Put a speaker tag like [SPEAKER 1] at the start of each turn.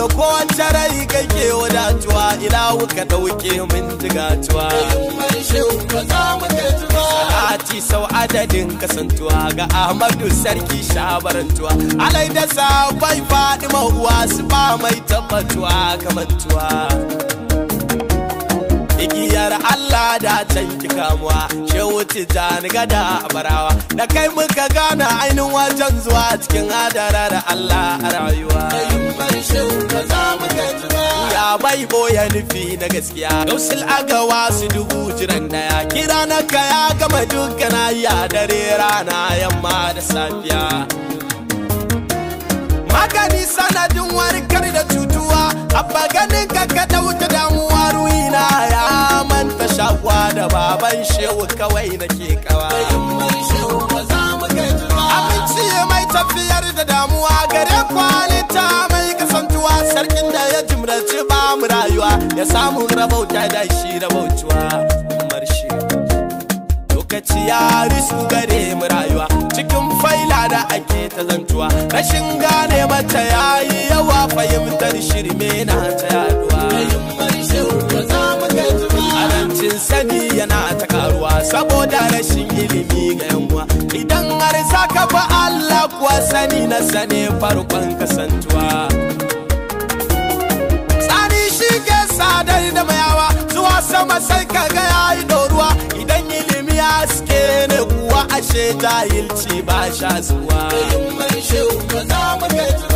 [SPEAKER 1] daga kowace rai kake wadatuwa ila wuka dauke min tuwa Salati sau adadin kasantuwa ga Ahmadu sarki shabarantuwa alai da sabai faɗi uwa su ba mai tabbatuwa kamantuwa igiyar Allah da canki kamuwa shehu tijjani gada a barawa da kai muka gana ainihin wajen zuwa cikin hadarar Allah a rayuwa ya bai boye nufi na gaskiya gausul agawa su dubu jiran daya kira na kaya gama dukkan ya dare rana yamma da safiya magani sanadin warkar da cutuwa abba ganin ka ka wuce damuwa ruina ya manta shakwa da baban shehu kawai ke kawa abinci mai tafiyar da damuwa sarkin da ya jimraci ba mu rayuwa ya samu rabauta da shi rabautuwa umar shi lokaci ya risu gare mu rayuwa cikin faila da ake ta zantuwa rashin gane mata ya yi yawa fahimtar shirme na ta yaduwa sani yana ta karuwa saboda rashin ilimi ga yanwa idan har saka ba Allah kuwa sani na sane farkon kasantu sai ka ga yayi doruwa idan ilimi ya suke ne kuwa ashe jahilci ba sha zuwa. ba za mu